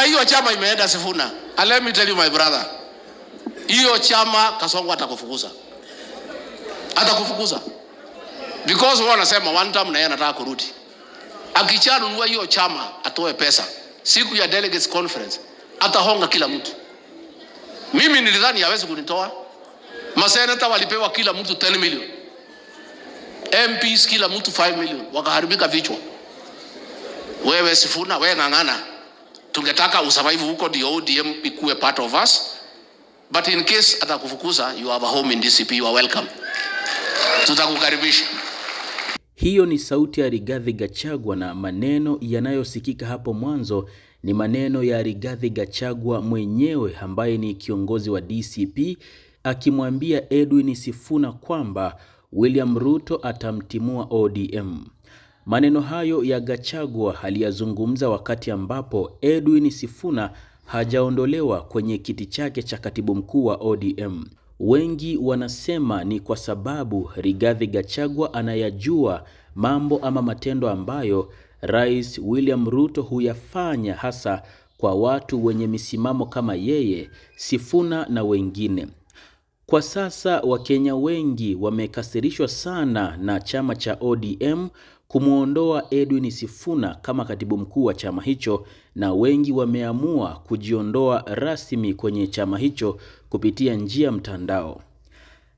na hiyo chama imeenda Sifuna. And let me tell you my brother, hiyo chama Kasongo atakufukuza, atakufukuza because wao wanasema one time na yeye anataka kurudi. Akichanunua hiyo chama atoe pesa, siku ya delegates conference atahonga kila mtu. Mimi nilidhani hawezi kunitoa. Masenata walipewa kila mtu 10 million, MPs kila mtu 5 million, wakaharibika vichwa. Wewe Sifuna, wewe ng'ang'ana tungetaka usurvive huko, ndio ODM ikuwe part of us, but in case atakufukuza, you have a home in DCP, you are welcome, tutakukaribisha. Hiyo ni sauti ya Rigathi Gachagua, na maneno yanayosikika hapo mwanzo ni maneno ya Rigathi Gachagua mwenyewe ambaye ni kiongozi wa DCP akimwambia Edwin Sifuna kwamba William Ruto atamtimua ODM. Maneno hayo ya Gachagua aliyazungumza wakati ambapo Edwin Sifuna hajaondolewa kwenye kiti chake cha katibu mkuu wa ODM. Wengi wanasema ni kwa sababu Rigathi Gachagua anayajua mambo ama matendo ambayo Rais William Ruto huyafanya hasa kwa watu wenye misimamo kama yeye, Sifuna na wengine. Kwa sasa Wakenya wengi wamekasirishwa sana na chama cha ODM kumwondoa Edwin Sifuna kama katibu mkuu wa chama hicho, na wengi wameamua kujiondoa rasmi kwenye chama hicho kupitia njia mtandao.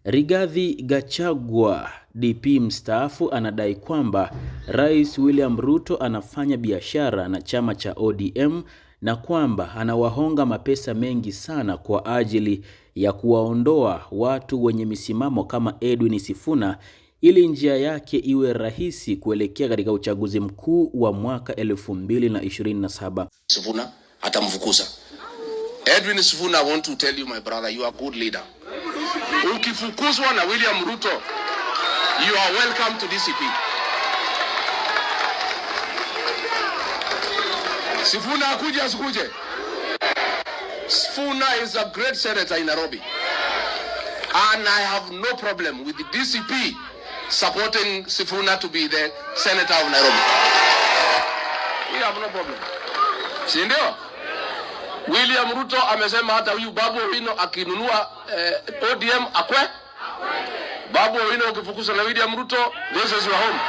Rigathi Gachagua DP mstaafu anadai kwamba Rais William Ruto anafanya biashara na chama cha ODM na kwamba anawahonga mapesa mengi sana kwa ajili ya kuwaondoa watu wenye misimamo kama Edwin Sifuna ili njia yake iwe rahisi kuelekea katika uchaguzi mkuu wa mwaka 2027. Sifuna atamfukuza Edwin Sifuna. I want to tell you my brother, you are good leader. Ukifukuzwa na William Ruto, you are welcome to DCP. Sifuna akuje asikuje? Sifuna is a great senator in Nairobi. And I have no problem with the DCP supporting Sifuna to be the senator of Nairobi. We have no problem. Si ndio? William Ruto amesema hata huyu Babu Owino akinunua eh, ODM akwe. Babu Owino ukifukuza na William Ruto, this is your home.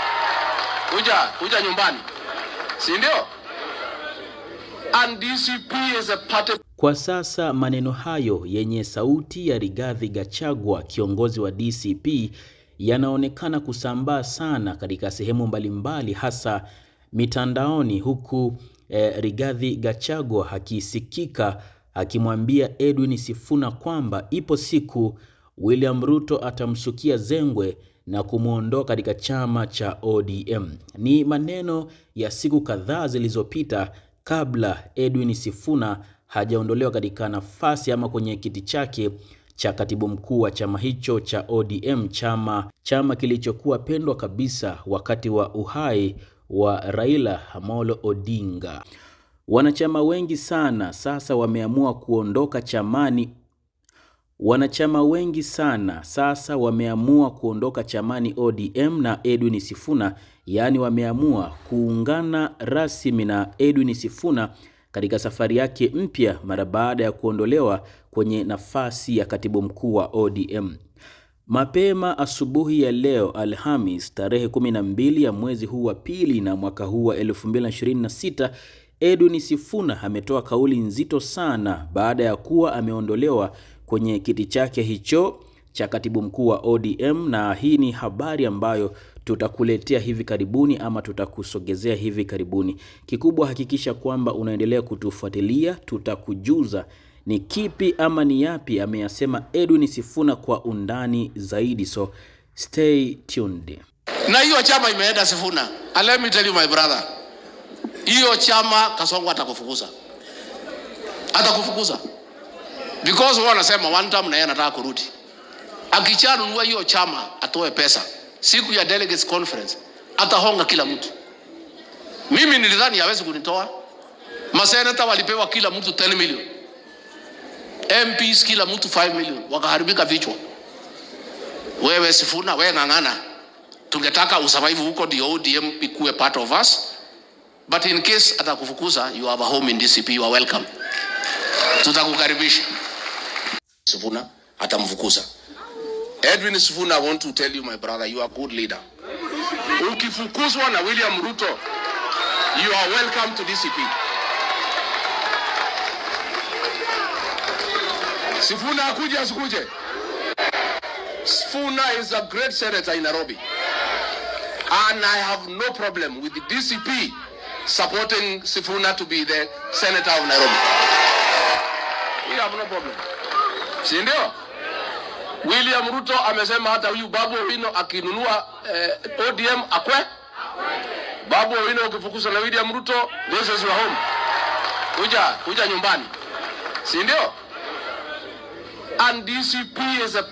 Kuja, kuja nyumbani. Si ndio? And DCP is a Kwa sasa maneno hayo yenye sauti ya Rigathi Gachagua, kiongozi wa DCP, yanaonekana kusambaa sana katika sehemu mbalimbali, hasa mitandaoni, huku eh, Rigathi Gachagua akisikika akimwambia Edwin Sifuna kwamba ipo siku William Ruto atamshukia zengwe na kumwondoa katika chama cha ODM. Ni maneno ya siku kadhaa zilizopita kabla Edwin Sifuna hajaondolewa katika nafasi ama kwenye kiti chake cha katibu mkuu wa chama hicho cha ODM, chama chama kilichokuwa pendwa kabisa wakati wa uhai wa Raila Amolo Odinga. Wanachama wengi sana sasa wameamua kuondoka chamani Wanachama wengi sana sasa wameamua kuondoka chamani ODM na Edwin Sifuna, yaani wameamua kuungana rasmi na Edwin Sifuna katika safari yake mpya mara baada ya kuondolewa kwenye nafasi ya katibu mkuu wa ODM. Mapema asubuhi ya leo Alhamis, tarehe 12 ya mwezi huu wa pili na mwaka huu wa 2026, Edwin Sifuna ametoa kauli nzito sana baada ya kuwa ameondolewa kwenye kiti chake hicho cha katibu mkuu wa ODM, na hii ni habari ambayo tutakuletea hivi karibuni ama tutakusogezea hivi karibuni. Kikubwa hakikisha kwamba unaendelea kutufuatilia, tutakujuza ni kipi ama ni yapi ameyasema Edwin Sifuna kwa undani zaidi, so stay tuned. Na hiyo chama imeenda Sifuna, and let me tell you my brother, hiyo chama Kasongo atakufukuza, atakufukuza because wao wanasema one time na yeye anataka kurudi. Akichanunua hiyo chama atoe pesa siku ya delegates conference atahonga kila mtu. Mimi nilidhani hawezi kunitoa. Maseneta walipewa kila mtu 10 million. MPs kila mtu 5 million, wakaharibika vichwa. Wewe Sifuna, wewe ng'ang'ana. Tungetaka usurvive huko ndio ODM ikuwe part of us. But in case atakufukuza, you have a home in DCP, you are welcome. Tutakukaribisha. Sifuna atamfukuza. Edwin Sifuna, I want to tell you my brother, you are a good leader. Ukifukuzwa na William Ruto, you are welcome to DCP. Sifuna akuje asikuje? Sifuna is a great senator in Nairobi. And I have no problem with the DCP supporting Sifuna to be the senator of Nairobi. We have no problem si ndio? William Ruto amesema hata huyu Babu Owino akinunua eh, ODM akwe. Babu Owino ukifukuza na William Ruto, this is your home. Kuja, kuja nyumbani. Si ndio? And DCP is a